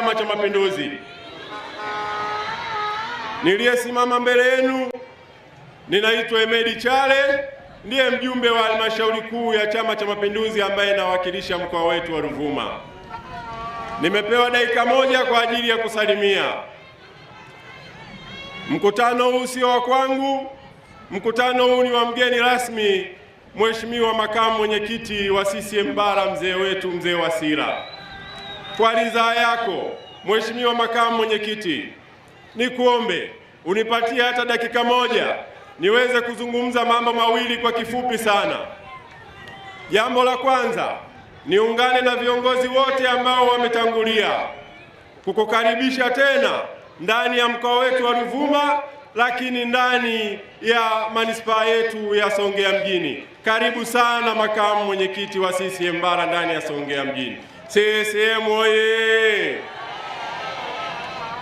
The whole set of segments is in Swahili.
Chama cha Mapinduzi. Niliyesimama mbele yenu ninaitwa emedi Chale, ndiye mjumbe wa halmashauri kuu ya Chama cha Mapinduzi ambaye nawakilisha mkoa wetu wa Ruvuma. Nimepewa dakika moja kwa ajili ya kusalimia. Mkutano huu sio wa kwangu, mkutano huu ni wa mgeni rasmi, Mheshimiwa makamu mwenyekiti wa CCM Bara, mzee wetu, mzee Wasira. Kwa ridhaa yako Mheshimiwa makamu mwenyekiti, ni kuombe unipatie hata dakika moja niweze kuzungumza mambo mawili kwa kifupi sana. Jambo la kwanza, niungane na viongozi wote ambao wametangulia kukukaribisha tena ndani ya mkoa wetu wa Ruvuma, lakini ndani ya manispaa yetu ya Songea mjini. Karibu sana makamu mwenyekiti wa CCM bara ndani ya Songea mjini. CCM oye!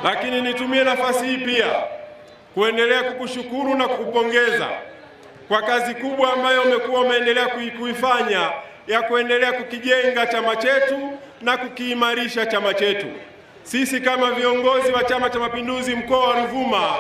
Lakini nitumie nafasi hii pia kuendelea kukushukuru na kukupongeza kwa kazi kubwa ambayo umekuwa umeendelea kuifanya ya kuendelea kukijenga chama chetu na kukiimarisha chama chetu. Sisi kama viongozi wa Chama cha Mapinduzi mkoa wa Ruvuma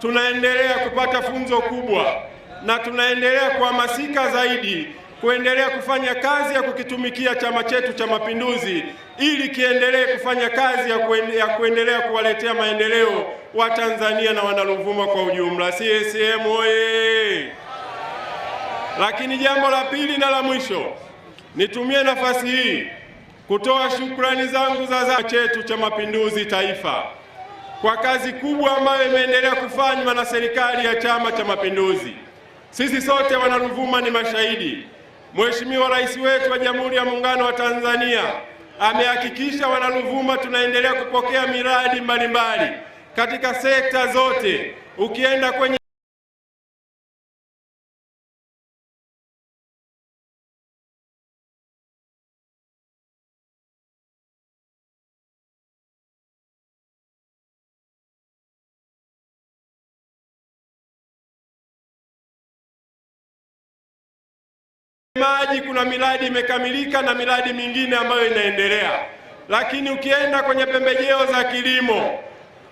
tunaendelea kupata funzo kubwa na tunaendelea kuhamasika zaidi kuendelea kufanya kazi ya kukitumikia Chama chetu cha Mapinduzi ili kiendelee kufanya kazi ya kuendelea kuwaletea maendeleo wa Tanzania na Wanaruvuma kwa ujumla. CCM oye! Lakini jambo la pili na la mwisho, nitumie nafasi hii kutoa shukrani zangu za Chama chetu cha Mapinduzi Taifa kwa kazi kubwa ambayo imeendelea kufanywa na serikali ya Chama cha Mapinduzi. Sisi sote Wanaruvuma ni mashahidi. Mheshimiwa Rais wetu wa Jamhuri ya Muungano wa Tanzania amehakikisha wanaruvuma tunaendelea kupokea miradi mbalimbali katika sekta zote, ukienda kwenye maji, kuna miradi imekamilika na miradi mingine ambayo inaendelea. Lakini ukienda kwenye pembejeo za kilimo,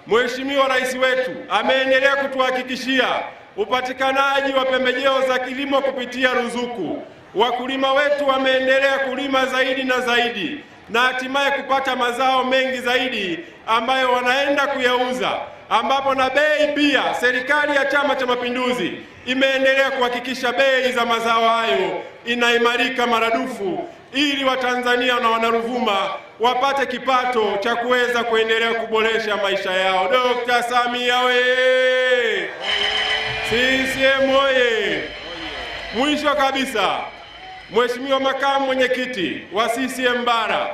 Mheshimiwa Rais wetu ameendelea kutuhakikishia upatikanaji wa pembejeo za kilimo kupitia ruzuku. Wakulima wetu wameendelea kulima zaidi na zaidi na hatimaye kupata mazao mengi zaidi ambayo wanaenda kuyauza ambapo na bei pia serikali ya Chama cha Mapinduzi imeendelea kuhakikisha bei za mazao hayo inaimarika maradufu ili Watanzania na Wanaruvuma wapate kipato cha kuweza kuendelea kuboresha maisha yao. Dr. Samia oye! CCM oye! Mwisho kabisa, Mheshimiwa makamu mwenyekiti wa CCM Bara,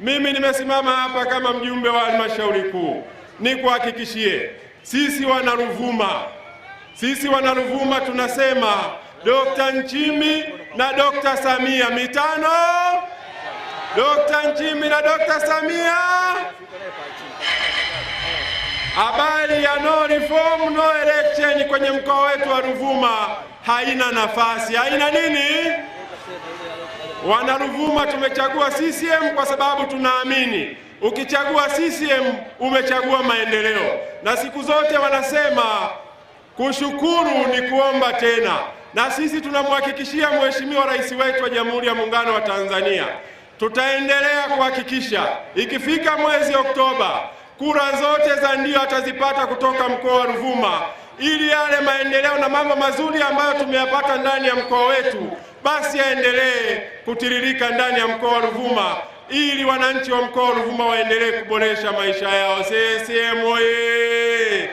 mimi nimesimama hapa kama mjumbe wa halmashauri kuu nikuhakikishie, sisi wanaruvuma sisi wanaruvuma tunasema Dokta Nchimbi na Dokta Samia mitano, Dokta Nchimbi na Dokta Samia. Habari ya no reform no election kwenye mkoa wetu wa Ruvuma haina nafasi, haina nini. wanaruvuma tumechagua CCM kwa sababu tunaamini Ukichagua CCM umechagua maendeleo, na siku zote wanasema kushukuru ni kuomba tena, na sisi tunamhakikishia Mheshimiwa Rais wetu wa Jamhuri ya Muungano wa Tanzania, tutaendelea kuhakikisha ikifika mwezi Oktoba kura zote za ndio atazipata kutoka mkoa wa Ruvuma ili yale maendeleo na mambo mazuri ambayo tumeyapata ndani ya mkoa wetu basi yaendelee kutiririka ndani ya mkoa wa Ruvuma ili wananchi wa mkoa wa Ruvuma waendelee kuboresha maisha yao. CCM oye!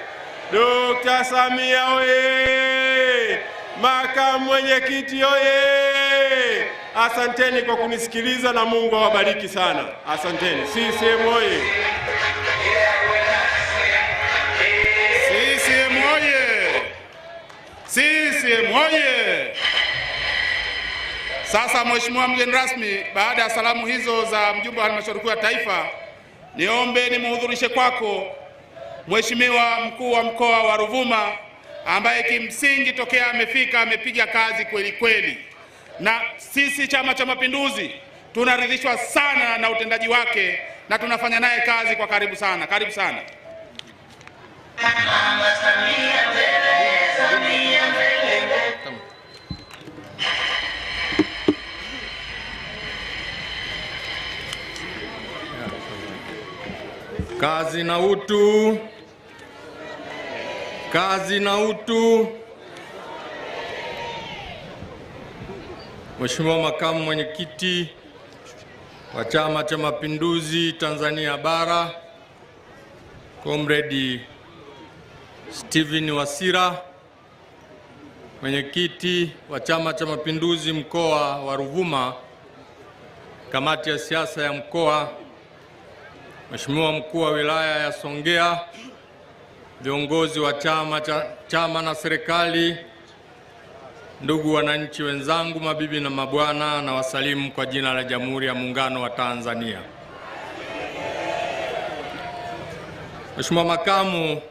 Dkt. Samia oye! Makamu mwenyekiti oye! Asanteni kwa kunisikiliza na Mungu awabariki sana. Asanteni. CCM oye! CCM oye! CCM oye! Sasa Mheshimiwa mgeni rasmi, baada ya salamu hizo za mjumbe wa halmashauri kuu ya taifa, niombe nimuhudhurishe kwako Mheshimiwa mkuu wa mkoa wa Ruvuma ambaye kimsingi tokea amefika amepiga kazi kweli kweli, na sisi Chama cha Mapinduzi tunaridhishwa sana na utendaji wake na tunafanya naye kazi kwa karibu sana. Karibu sana. Kazi na utu, kazi na utu. Mheshimiwa Makamu Mwenyekiti wa Chama cha Mapinduzi Tanzania Bara, Comrade Steven Wasira, Mwenyekiti wa Chama cha Mapinduzi mkoa wa Ruvuma, kamati ya siasa ya mkoa Mheshimiwa mkuu wa wilaya ya Songea, viongozi wa chama, cha, chama na serikali, ndugu wananchi wenzangu, mabibi na mabwana, na wasalimu kwa jina la Jamhuri ya Muungano wa Tanzania. Mheshimiwa Makamu,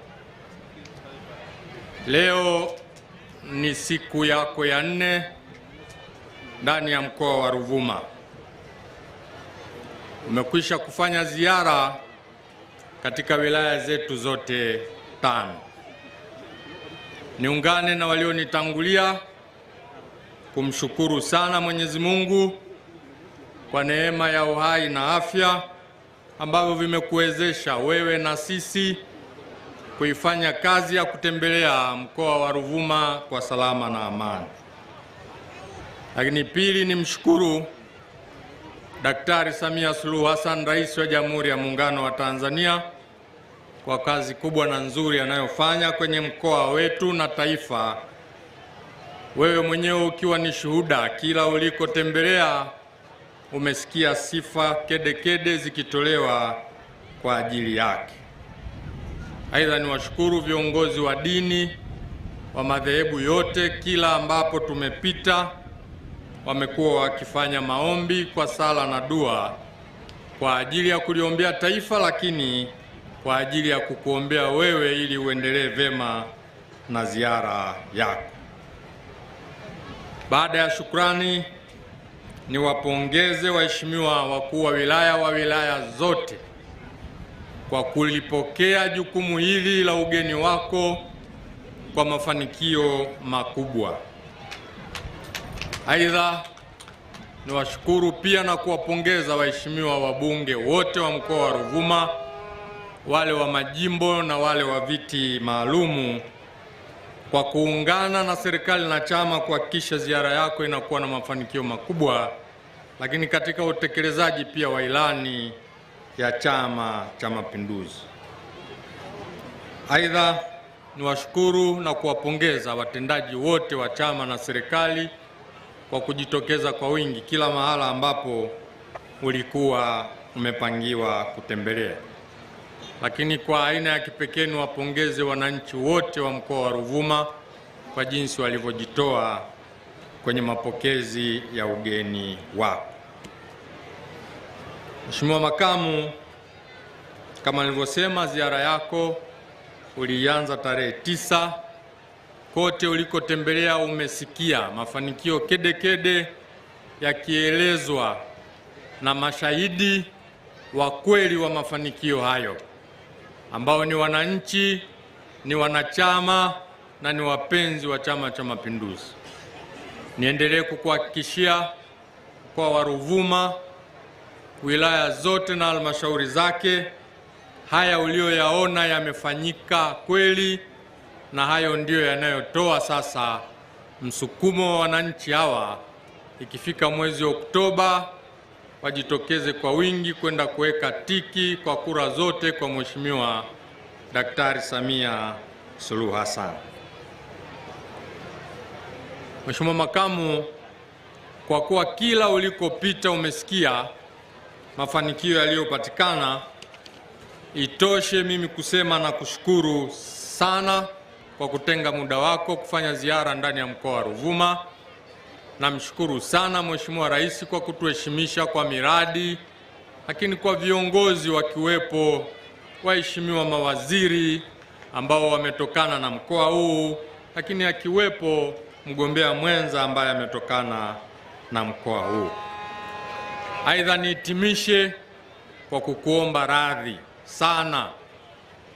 leo ni siku yako ya nne ndani ya mkoa wa Ruvuma umekwisha kufanya ziara katika wilaya zetu zote tano. Niungane na walionitangulia kumshukuru sana Mwenyezi Mungu kwa neema ya uhai na afya ambavyo vimekuwezesha wewe na sisi kuifanya kazi ya kutembelea mkoa wa Ruvuma kwa salama na amani. Lakini pili, nimshukuru Daktari Samia Suluhu Hassan, Rais wa Jamhuri ya Muungano wa Tanzania, kwa kazi kubwa na nzuri anayofanya kwenye mkoa wetu na taifa, wewe mwenyewe ukiwa ni shuhuda. Kila ulikotembelea umesikia sifa kedekede kede zikitolewa kwa ajili yake. Aidha, niwashukuru viongozi wa dini wa madhehebu yote kila ambapo tumepita wamekuwa wakifanya maombi kwa sala na dua kwa ajili ya kuliombea taifa, lakini kwa ajili ya kukuombea wewe ili uendelee vema na ziara yako. Baada ya shukrani, niwapongeze waheshimiwa wakuu wa wilaya wa wilaya zote kwa kulipokea jukumu hili la ugeni wako kwa mafanikio makubwa. Aidha, niwashukuru pia na kuwapongeza waheshimiwa wabunge wote wa mkoa wa Ruvuma, wale wa majimbo na wale wa viti maalumu kwa kuungana na serikali na chama kuhakikisha ziara yako inakuwa na mafanikio makubwa, lakini katika utekelezaji pia wa ilani ya Chama cha Mapinduzi. Aidha, niwashukuru na kuwapongeza watendaji wote wa chama na serikali kwa kujitokeza kwa wingi kila mahala ambapo ulikuwa umepangiwa kutembelea. Lakini kwa aina ya kipekee ni wapongeze wananchi wote wa mkoa wa Ruvuma kwa jinsi walivyojitoa kwenye mapokezi ya ugeni wao. Mheshimiwa Makamu, kama nilivyosema, ziara yako ulianza tarehe tisa Kote ulikotembelea umesikia mafanikio kedekede yakielezwa na mashahidi wa kweli wa mafanikio hayo ambao ni wananchi, ni wanachama na ni wapenzi wa Chama cha Mapinduzi. Niendelee kukuhakikishia kwa Waruvuma, wilaya zote na halmashauri zake, haya uliyoyaona yamefanyika kweli na hayo ndiyo yanayotoa sasa msukumo wa wananchi hawa, ikifika mwezi Oktoba wajitokeze kwa wingi kwenda kuweka tiki kwa kura zote kwa Mheshimiwa Daktari Samia Suluhu Hassan. Mheshimiwa Makamu, kwa kuwa kila ulikopita umesikia mafanikio yaliyopatikana, itoshe mimi kusema na kushukuru sana kwa kutenga muda wako kufanya ziara ndani ya mkoa wa Ruvuma. Namshukuru sana Mheshimiwa Rais kwa kutuheshimisha kwa miradi, lakini kwa viongozi wakiwepo waheshimiwa mawaziri ambao wametokana na mkoa huu, lakini akiwepo mgombea mwenza ambaye ametokana na mkoa huu. Aidha, nihitimishe kwa kukuomba radhi sana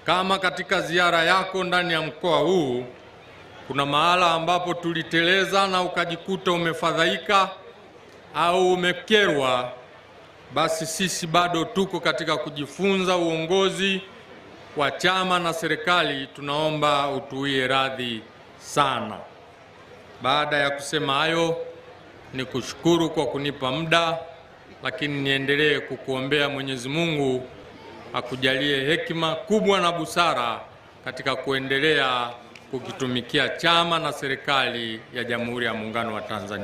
kama katika ziara yako ndani ya mkoa huu kuna mahala ambapo tuliteleza na ukajikuta umefadhaika au umekerwa, basi sisi bado tuko katika kujifunza uongozi wa chama na serikali. Tunaomba utuie radhi sana. Baada ya kusema hayo, ni kushukuru kwa kunipa muda, lakini niendelee kukuombea Mwenyezi Mungu akujalie hekima kubwa na busara katika kuendelea kukitumikia chama na serikali ya Jamhuri ya Muungano wa Tanzania.